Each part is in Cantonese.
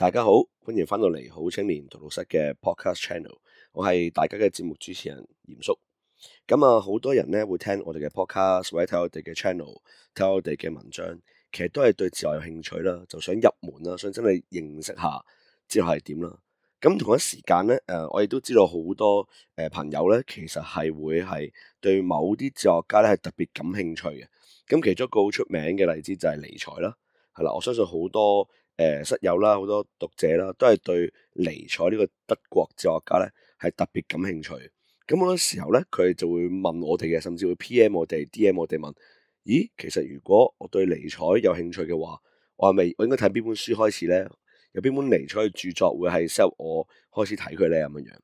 大家好，歡迎翻到嚟好青年荼毒室嘅 Podcast Channel，我係大家嘅節目主持人鹽叔。咁啊，好多人咧會聽我哋嘅 Podcast，或者睇我哋嘅 channel，睇我哋嘅文章，其實都係對哲學有興趣啦，就想入門啦，想真係認識下哲學係點啦。咁同一時間咧，誒，我亦都知道好多誒朋友咧，其實係會係對某啲哲學家咧係特別感興趣嘅。咁其中一個好出名嘅例子就係尼采啦，係啦，我相信好多。誒、呃、室友啦，好多讀者啦，都係對尼采呢個德國哲學家咧係特別感興趣。咁好多時候咧，佢就會問我哋嘅，甚至會 PM 我哋、DM 我哋問：咦，其實如果我對尼采有興趣嘅話，我係咪我應該睇邊本書開始咧？有邊本尼采嘅著作會係適合我開始睇佢咧？咁樣樣。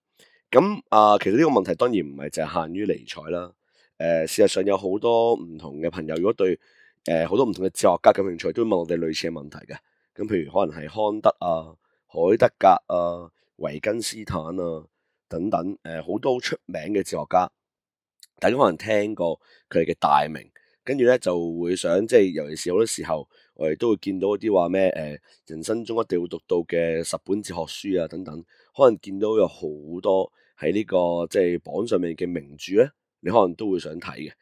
咁啊、呃，其實呢個問題當然唔係淨係限於尼采啦。誒、呃，事實上有好多唔同嘅朋友，如果對誒好、呃、多唔同嘅哲學家感興趣，都會問我哋類似嘅問題嘅。咁譬如可能係康德啊、海德格啊、維根斯坦啊等等，誒、呃、好多好出名嘅哲學家，大家可能聽過佢哋嘅大名，跟住咧就會想即係，尤其是好多時候，我哋都會見到一啲話咩誒人生中一定要讀到嘅十本哲學書啊等等，可能見到有好多喺呢、呢個即係、即係、榜上面嘅名著咧，你可能都會想睇嘅。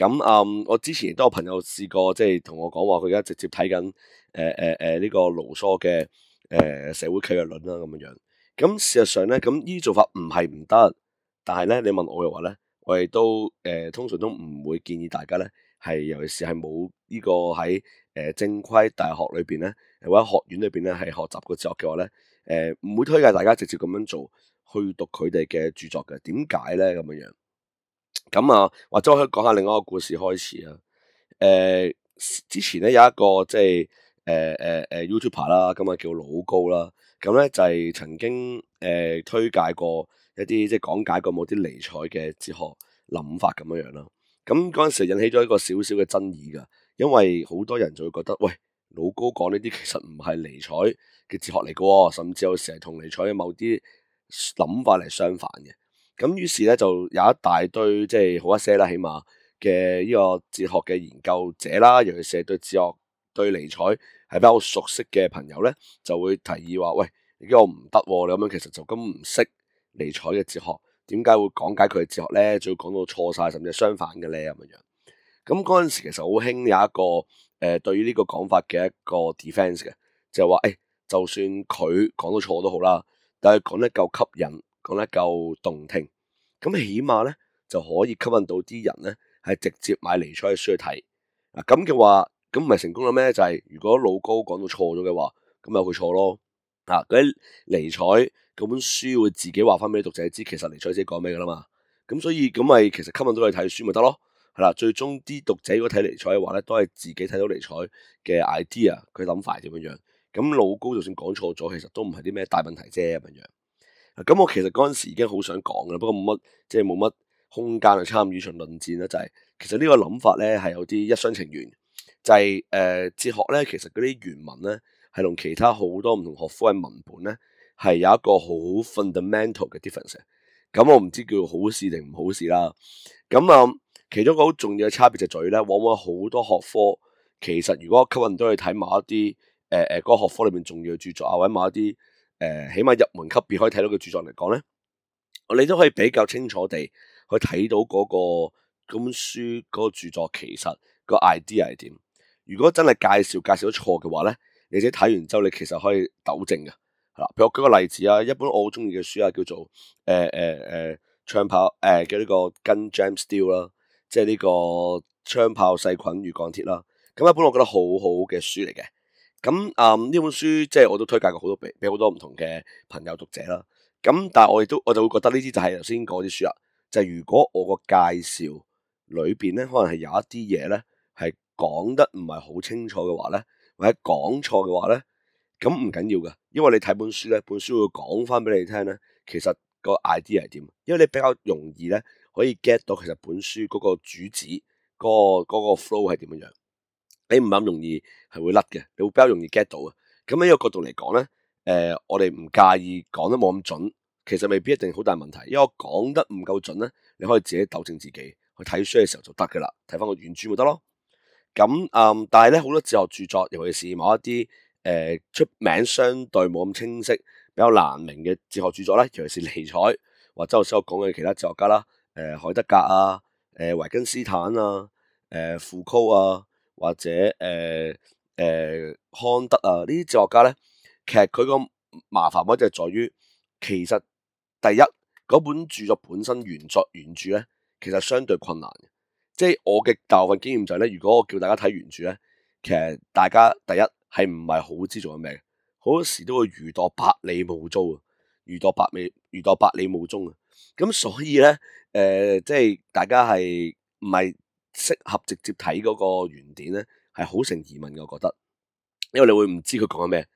咁啊、嗯，我之前亦都有朋友試過，即係同我講話，佢而家直接睇緊誒誒誒呢個盧梭嘅誒社會契約論啦咁樣樣。咁事實上咧，咁呢啲做法唔係唔得，但係咧，你問我嘅話咧，我亦都誒、呃、通常都唔會建議大家咧係，尤其是係冇呢個喺誒、呃、正規大學裏邊咧，或者學院裏邊咧係學習過哲學嘅話咧，誒、呃、唔會推介大家直接咁樣做去讀佢哋嘅著作嘅。點解咧咁樣樣？咁啊，或者我可以講下另一個故事開始啊。誒、呃，之前咧有一個即係誒誒誒 YouTuber 啦，咁、呃、啊、呃、叫老高啦。咁、啊、咧就係曾經誒、呃、推介過一啲即係講解過某啲尼采嘅哲學諗法咁樣樣啦。咁嗰陣時引起咗一個小小嘅爭議㗎，因為好多人就會覺得喂，老高講呢啲其實唔係尼采嘅哲學嚟嘅喎，甚至有時係同尼采嘅某啲諗法嚟相反嘅。咁於是咧就有一大堆即係好一些啦，起碼嘅呢個哲學嘅研究者啦，尤其係對哲學對尼采係比較熟悉嘅朋友咧，就會提議話：喂，呢個唔得喎！你咁樣其實就咁唔識尼采嘅哲學，點解會講解佢嘅哲學咧？仲要講到錯晒，甚至相反嘅咧咁樣。咁嗰陣時其實好興有一個誒、呃，對於呢個講法嘅一個 defence 嘅，就係話：誒、欸，就算佢講到錯都好啦，但係講得夠吸引。講得夠動聽，咁起碼咧就可以吸引到啲人咧係直接買尼采嘅書去睇。啊咁嘅話，咁唔係成功啦咩？就係、是、如果老高講到錯咗嘅話，咁有佢錯咯，啊嗰啲尼采嗰本書會自己話翻俾啲讀者知，其實尼采自己講咩噶啦嘛，咁所以咁咪其實吸引到你睇書咪得咯，係啦，最終啲讀者如果睇尼采嘅話咧，都係自己睇到尼采嘅 idea，佢諗法係點樣樣，咁老高就算講錯咗，其實都唔係啲咩大問題啫咁樣。咁我其實嗰陣時已經好想講嘅，不過冇乜即係冇乜空間去參與呢場論戰啦。就係其實呢個諗法咧係有啲一廂情願，就係誒哲學咧，其實嗰啲、就是呃、原文咧係同其他好多唔同學科嘅文本咧係有一個好 fundamental 嘅 difference。咁我唔知叫好事定唔好事啦。咁、嗯、啊，其中一個好重要嘅差別就係在於咧，往往好多學科其實如果吸引到去睇某一啲誒誒嗰個學科裏邊重要嘅著作啊，或者某一啲。誒，起碼入門級別可以睇到個著作嚟講咧，你都可以比較清楚地去睇到嗰、嗰個嗰本書嗰個著作其實、嗰個 idea 係點。如果真係介紹介紹得錯嘅話咧，你自己睇完之後你其實可以糾正嘅。係啦，譬如我舉個例子啊，一本我好中意嘅書啊，叫做誒誒誒槍炮誒叫呢個《Gun《Jam Steel、啊》啦，即係呢個槍炮細菌與鋼鐵啦。咁、啊、一本我覺得好好嘅書嚟嘅。咁啊呢本書即係我都推介過好多俾俾好多唔同嘅朋友讀者啦。咁但係我亦都我就會覺得呢啲就係頭先講啲書啦。就係如果我個介紹裏邊咧，可能係有一啲嘢咧係講得唔係好清楚嘅話咧，或者講錯嘅話咧，咁唔緊要噶，因為你睇本書咧，本書會講翻俾你聽咧，其實個 idea 係點，因為你比較容易咧可以 get 到其實本書嗰個主旨，嗰個、嗰個 flow 係點樣樣。你唔咁容易係會甩嘅，你會比較容易 get 到啊。咁喺呢個角度嚟講咧，誒、呃、我哋唔介意講得冇咁準，其實未必一定好大問題。因為我講得唔夠準咧，你可以自己糾正自己，去睇書嘅時候就得㗎啦。睇翻個原著咪得咯。咁嗯，但係咧好多哲學著作，尤其是某一啲誒、呃、出名相對冇咁清晰、比較難明嘅哲學著作咧，尤其是尼采或者我所講嘅其他哲學家啦，誒、呃、海德格啊、誒、呃、維根斯坦啊、誒、呃、富高啊。或者誒誒、呃呃、康德啊，呢啲哲學家咧，其實佢個麻煩位就係在於，其實第一嗰本著作本身原作原著咧，其實相對困難嘅。即係我嘅教訓經驗就係、是、咧，如果我叫大家睇原著咧，其實大家第一係唔係好知做緊咩，好多時都會如墜五里霧中啊，如墜五里，如墜五里霧中啊。咁所以咧，誒、呃、即係大家係唔係適合直接睇嗰個原典咧，係好成疑問嘅，我覺得，因為你會唔知佢講緊咩，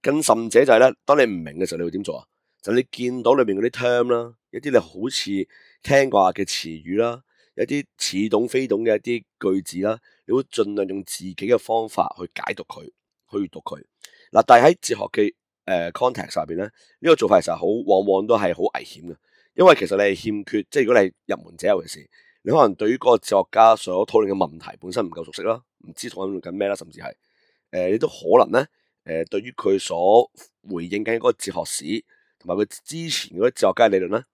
更甚者就係、是、咧，當你唔明嘅時候，你會點做啊？就你見到裏面嗰啲 term 啦，一啲你好似聽過話嘅詞語啦，一啲似懂非懂嘅一啲句子啦，你會盡量用自己嘅方法去解讀佢，去讀佢。嗱，但係喺哲學嘅誒 context 下邊咧，呢、這個做法其實好，往往都係好危險嘅，因為其實你係欠缺，即係如果你係入門者嘅時。你可能對於嗰個哲學家所討論嘅問題本身唔夠熟悉啦，唔知討論緊咩啦，甚至係誒、呃、你都可能咧誒、呃、對於佢所回應緊嗰個哲學史同埋佢之前嗰啲哲學家理論咧，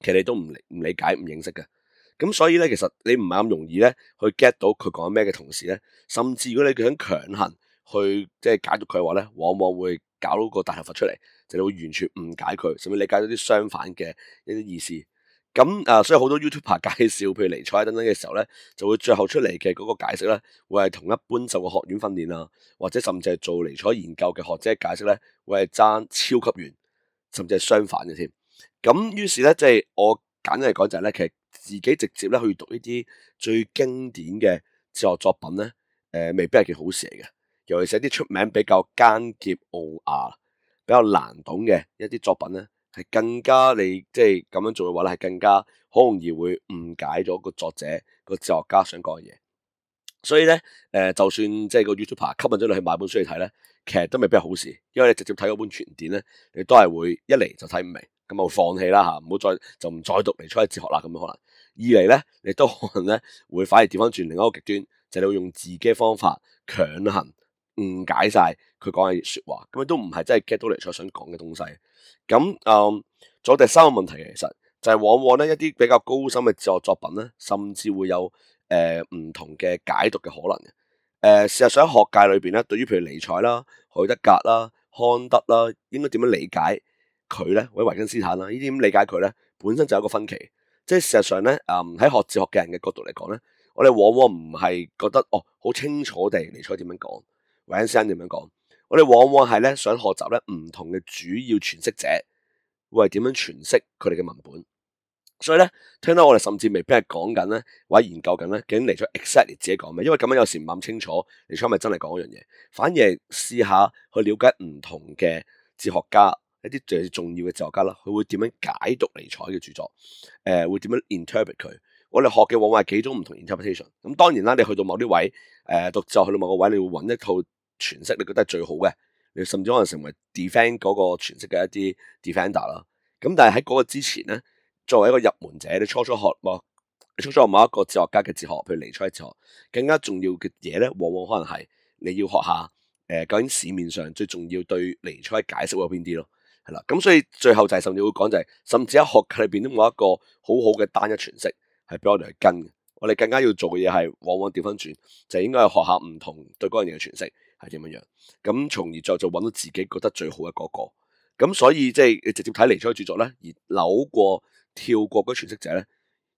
其實你都唔理、唔理解、唔認識嘅。咁所以咧，其實你唔係咁容易咧去 get 到佢講咩嘅同時咧，甚至如果你佢想強行去即係解讀佢嘅話咧，往往會搞到個大頭佛出嚟，就你會完全誤解佢，甚至理解到啲相反嘅一啲意思。咁啊，所以好多 YouTuber 介紹，譬如尼采等等嘅時候咧，就會最後出嚟嘅嗰個解釋咧，會係同一般受過學院訓練啊，或者甚至係做尼采研究嘅學者解釋咧，會係爭超級遠，甚至係相反嘅添。咁於是咧，即、就、係、是、我簡單嚟講就係、是、咧，其實自己直接咧去讀呢啲最經典嘅哲學作品咧，誒、呃，未必係件好事嚟嘅，尤其是啲出名比較艱澀、拗牙、比較難懂嘅一啲作品咧。係更加你即係咁樣做嘅話咧，係更加好容易會誤解咗個作者、個哲學家想講嘅嘢。所以咧，誒、呃，就算即係個 YouTuber 吸引咗你去買本書嚟睇咧，其實都未必係好事。因為你直接睇嗰本全典咧，你都係會一嚟就睇唔明，咁就放棄啦吓，唔好再就唔再讀嚟出去哲學啦咁樣可能。二嚟咧，你都可能咧會反而調翻轉另一個極端，就係、你會用自己嘅方法強行。誤解晒佢講嘅説話，咁你都唔係真係 get 到尼采想講嘅東西。咁仲、嗯、有第三個問題其實就係往往咧一啲比較高深嘅哲學作品咧，甚至會有誒唔、呃、同嘅解讀嘅可能嘅。誒、呃、事實上喺學界裏邊咧，對於譬如尼采啦、海德格啦、康德啦，應該點樣理解佢咧？或者維根斯坦啦，呢啲咁理解佢咧，本身就有一個分歧。即係事實上咧，誒、呃、喺學哲學嘅人嘅角度嚟講咧，我哋往往唔係覺得哦好清楚地尼采點樣講，揾啲時間點樣講，我哋往往係咧，想學習咧，唔同嘅主要詮釋者會係點樣詮釋佢哋嘅文本，所以咧，聽到我哋甚至未必係講緊咧，或者研究緊咧，究竟尼采 exact 自己講咩？因為咁樣有時唔諗清楚尼采係咪真係講一樣嘢，反而係試下去了解唔同嘅哲學家，一啲最重要嘅哲學家啦，佢會點樣解讀尼采嘅著作？誒、呃、會點樣 interpret 佢？我哋學嘅往往係幾種唔同 interpretation。咁、嗯、當然啦，你去到某啲位誒、呃、讀就去到某個位，你會揾一套。詮釋你覺得係最好嘅，你甚至可能成為 defend 嗰個詮釋嘅一啲 defender 咯。咁但係喺嗰個之前咧，作為一個入門者，你初初學，初初學某一個哲學家嘅哲學，譬如尼采哲學，更加重要嘅嘢咧，往往可能係你要學下，誒、呃、究竟市面上最重要對尼采解釋會有邊啲咯？係啦，咁所以最後就係、是、甚至會講、就是，就係甚至喺學界裏邊都冇一個好好嘅單一詮釋，係俾我哋去跟嘅。我哋更加要做嘅嘢係，往往調翻轉，就是、應該係學下唔同對嗰樣嘢嘅詮釋。係點樣樣，咁從而再就揾到自己覺得最好嘅個、嗰個，咁所以即係直接睇尼采嘅著作咧，而扭過跳過嗰啲詮釋者咧，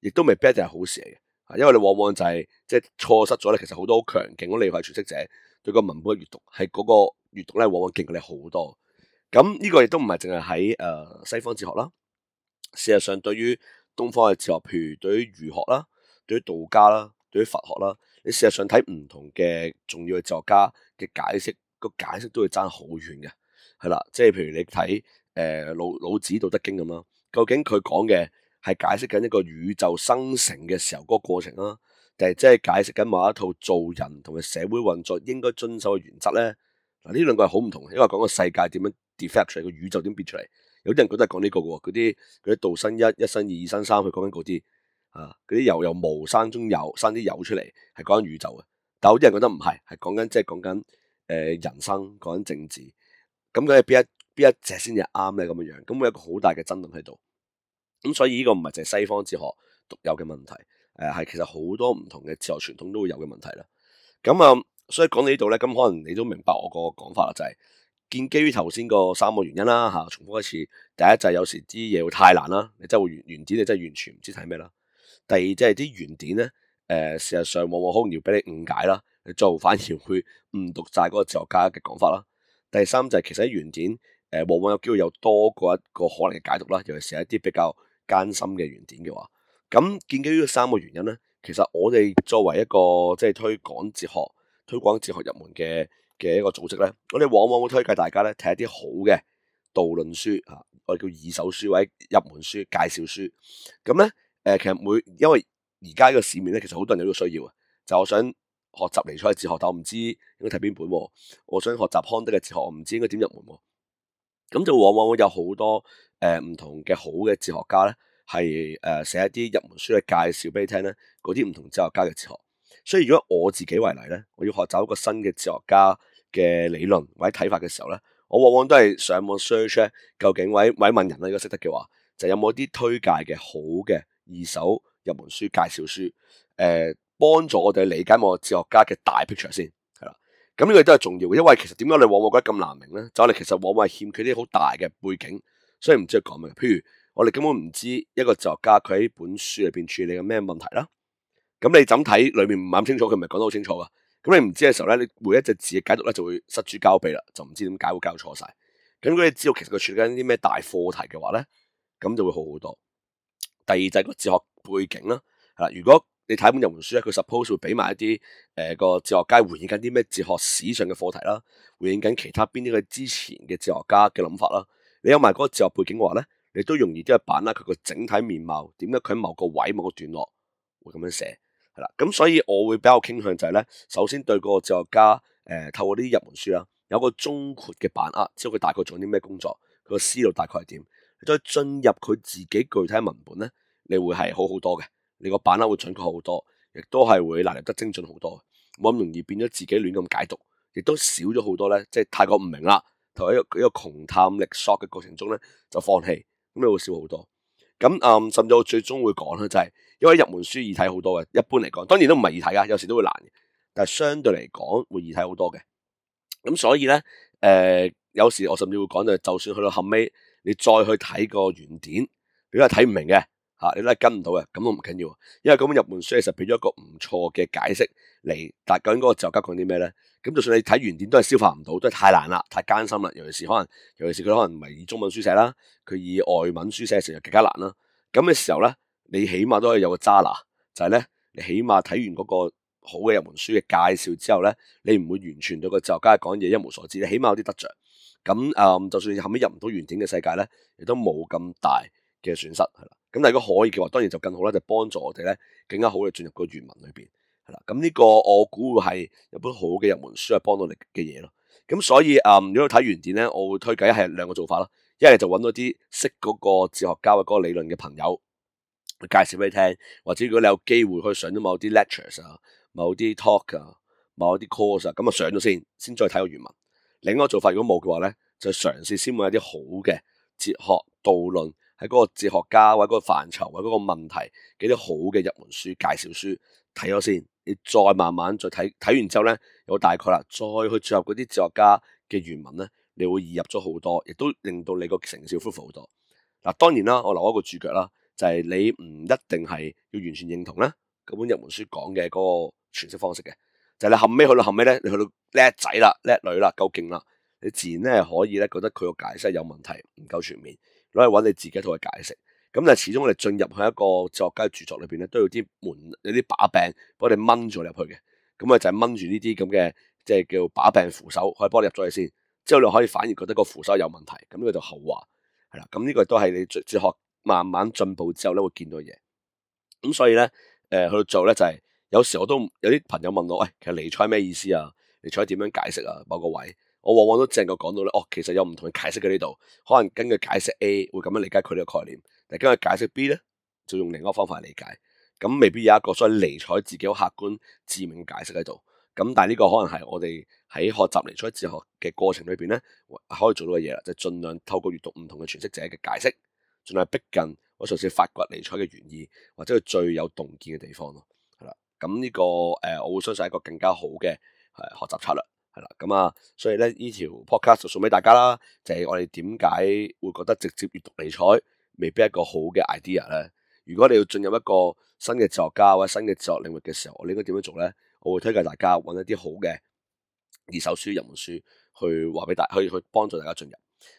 亦都未必係好事嚟嘅，啊，因為你往往就係即係錯失咗咧，其實好多好強勁嘅利害詮釋者對個文本嘅閲讀，係嗰個閲讀咧往往勁過你好多。咁呢個亦都唔係淨係喺誒西方哲學啦，事實上對於東方嘅哲學，譬如對於儒學啦、對於道家啦、對於佛學啦。你事實上睇唔同嘅重要嘅作家嘅解釋，個解釋都會爭好遠嘅，係啦，即係譬如你睇誒、呃、老老子《道德經》咁啦，究竟佢講嘅係解釋緊一個宇宙生成嘅時候嗰個過程啦，定係即係解釋緊某一套做人同埋社會運作應該遵守嘅原則咧？嗱，呢兩個係好唔同，因為講個世界點樣 defect 出嚟，個宇宙點變出嚟，有啲人覺得係講呢個嘅喎，嗰啲嗰啲道生一，一生二，二生三，佢講緊嗰啲。啊！嗰啲油由無生中有生啲油出嚟，係講緊宇宙嘅。但有啲人覺得唔係，係講緊即係講緊誒人生，講緊政治。咁佢係邊一邊一隻先至啱咧？咁嘅樣咁，會有一個好大嘅爭論喺度。咁所以呢個唔係淨係西方哲學獨有嘅問題，誒、呃、係其實好多唔同嘅哲學傳統都會有嘅問題啦。咁啊、嗯，所以講到呢度咧，咁可能你都明白我個講法啦，就係、是、建基於頭先個三個原因啦吓、啊。重複一次，第一就係、是、有時啲嘢會太難啦，你真係會原原子，你真係完全唔知睇咩啦。第二即係啲原典咧，誒、呃，事實上往往好容易俾你誤解啦，你做反而會誤讀晒嗰個哲學家嘅講法啦。第三就係其實喺原典，誒、呃，往往有機會有多過一個可能嘅解讀啦，尤其是係一啲比較艱深嘅原典嘅話。咁建基於呢三個原因咧，其實我哋作為一個即係推廣哲學、推廣哲學入門嘅嘅一個組織咧，我哋往往會推介大家咧睇一啲好嘅導論書嚇、啊，我哋叫二手書或者入門書、介紹書，咁咧。誒，其實每因為而家呢個市面咧，其實好多人有呢個需要啊。就是、我想學習尼采嘅哲學，但我唔知應該睇邊本。我想學習康德嘅哲學，我唔知應該點入門。咁就往往會有多、呃、的好多誒唔同嘅好嘅哲學家咧，係誒寫一啲入門書去介紹俾你聽咧。嗰啲唔同哲學家嘅哲學，所以如果我自己為例咧，我要學習一個新嘅哲學家嘅理論或者睇法嘅時候咧，我往往都係上網 search 究竟位位問人咧，如果識得嘅話，就有冇啲推介嘅好嘅。二手入門書、介紹書，誒、呃，幫助我哋理解個哲學家嘅大 picture 先，係啦。咁呢個都係重要嘅，因為其實點解你往往覺得咁難明咧？就我哋其實往往係欠缺啲好大嘅背景，所以唔知佢講咩。譬如我哋根本唔知一個哲學家佢喺本書裏邊處理緊咩問題啦。咁你怎睇，裏面唔咁清楚，佢唔係講得好清楚噶。咁你唔知嘅時候咧，你每一隻字嘅解讀咧就會失之交臂啦，就唔知點解會搞錯晒。咁如果你知道其實佢處理緊啲咩大課題嘅話咧，咁就會好好多。第二就係個哲學背景啦，係啦。如果你睇本入門書咧，佢 suppose 會俾埋一啲誒、呃那個哲學家回應緊啲咩哲學史上嘅課題啦，回應緊其他邊啲佢之前嘅哲學家嘅諗法啦。你有埋嗰個哲學背景嘅話咧，你都容易啲去把握佢個整體面貌。點解佢喺某個位、某個段落會咁樣寫？係啦。咁所以我會比較傾向就係、係、咧，首先對嗰個哲學家誒、呃、透過啲入門書啦，有個中括嘅把握，知道佢大概做啲咩工作，佢個思路大概係點。再進入佢自己具體文本咧，你會係好好多嘅，你個版啦會準確好多，亦都係會納入得精準好多，冇咁容易變咗自己亂咁解讀，亦都少咗好多咧，即係太過唔明啦，同埋一個一個窮探力索嘅過程中咧就放棄，咁你會少好多。咁啊、嗯，甚至我最終會講咧、就係，就係因為入門書易睇好多嘅，一般嚟講，當然都唔係易睇噶，有時都會難嘅，但係相對嚟講會易睇好多嘅。咁所以咧，誒、呃、有時我甚至會講就就算去到後尾。你再去睇個原典，你都係睇唔明嘅，吓你都係跟唔到嘅，咁都唔緊要，因為嗰本入門書其實俾咗一個唔錯嘅解釋嚟。但究竟嗰個作家講啲咩咧？咁就算你睇原典都係消化唔到，都係太難啦，太艱辛啦。尤其是可能，尤其是佢可能唔係以中文書寫啦，佢以外文書寫成日更加難啦。咁嘅時候咧，你起碼都可以有個渣啦，就係咧你起碼睇完嗰個好嘅入門書嘅介紹之後咧，你唔會完全對個作家講嘢一無所知，你起碼有啲得着。咁誒、嗯，就算你後尾入唔到原典嘅世界咧，亦都冇咁大嘅損失係啦。咁但如果可以嘅話，當然就更好啦，就幫、是、助我哋咧更加好嘅進入個原文裏邊係啦。咁呢個我估會係一本好嘅入門書，係幫到你嘅嘢咯。咁所以誒、嗯，如果睇原典咧，我會推介係兩個做法啦：一係就揾到啲識嗰個哲學家嘅嗰個理論嘅朋友介紹俾你聽，或者如果你有機會去上咗某啲 lectures 啊、某啲 talk 啊、某啲 course 啊，咁啊上咗先，先再睇個原文。另一個做法，如果冇嘅話咧，就嘗試先搵啲好嘅哲學導論，喺嗰個哲學家或者嗰個範疇或者嗰個問題嘅啲好嘅入門書介紹書睇咗先，你再慢慢再睇，睇完之後咧，有大概啦，再去進入嗰啲哲學家嘅原文咧，你會易入咗好多，亦都令到你個成效豐富好多。嗱，當然啦，我留一個注腳啦，就係、是、你唔一定係要完全認同咧，嗰本入門書講嘅嗰個詮釋方式嘅。就係你後尾去到後尾咧，你去到叻仔啦、叻女啦、夠勁啦，你自然咧可以咧覺得佢個解釋有問題，唔夠全面，攞去揾你自己同佢解釋。咁但係始終我哋進入去一個哲學家著作裏邊咧，都要有啲門，有啲把柄，幫你掹咗入去嘅。咁啊就係掹住呢啲咁嘅，即係叫把柄、扶手，可以幫你入咗去先。之後你可以反而覺得個扶手有問題，咁呢個就後話係啦。咁呢個都係你哲哲學慢慢進步之後咧會見到嘅嘢。咁所以咧，誒去到做咧就係、是。有時我都有啲朋友問我，喂、哎，其實尼采咩意思啊？尼采點樣解釋啊？某個位，我往往都只能夠講到咧。哦，其實有唔同嘅解釋喺呢度，可能根據解釋 A 會咁樣理解佢呢個概念，但根據解釋 B 咧，就用另一個方法理解。咁未必有一個所謂尼采自己好客觀自明嘅解釋喺度。咁但係呢個可能係我哋喺學習尼采哲學嘅過程裏邊咧，可以做到嘅嘢啦，就係、盡量透過閱讀唔同嘅詮釋者嘅解釋，盡量逼近我嘗試發掘尼采嘅原意或者佢最有洞見嘅地方咯。咁呢個誒，我會相信一個更加好嘅係學習策略係啦。咁啊，所以咧呢條 podcast 就送俾大家啦。就係、是、我哋點解會覺得直接閲讀尼采未必係一個好嘅 idea 咧？如果你要進入一個新嘅哲學家或者新嘅哲學領域嘅時候，我應該點樣做咧？我會推介大家揾一啲好嘅二手書、入門書去話俾大家，家可以去幫助大家進入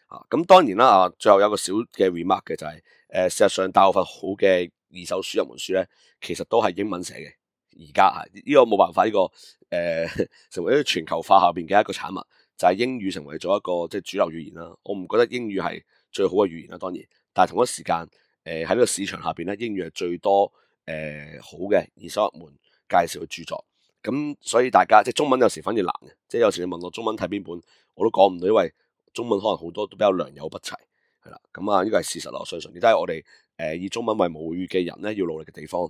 啊。咁當然啦啊，最後有個小嘅 remark 嘅、er、就係、是、誒、呃，事實上大部分好嘅二手書、入門書咧，其實都係英文寫嘅。而家係呢個冇辦法，呢、這個誒、呃、成為誒全球化下邊嘅一個產物，就係、是、英語成為咗一個即係主流語言啦。我唔覺得英語係最好嘅語言啦，當然，但係同一時間誒喺呢個市場下邊咧，英語係最多誒、呃、好嘅二手入門介紹嘅著作。咁所以大家即係中文有時反而難嘅，即係有時你問我中文睇邊本，我都講唔到，因為中文可能好多都比較良莠不齊，係啦。咁啊，呢、這個係事實咯，我相信。亦都係我哋。誒以中文為母語嘅人咧，要努力嘅地方。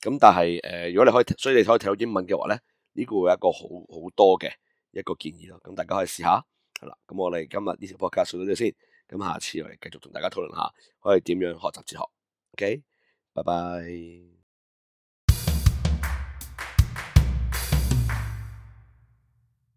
咁但係誒、呃，如果你可以，所以你可以睇到英文嘅話咧，呢、這個會有一個好好多嘅一個建議咯。咁大家可以試下。係啦，咁我哋今日呢條播客做到呢度先。咁下次我哋繼續同大家討論下，可以點樣學習哲學。OK，拜拜。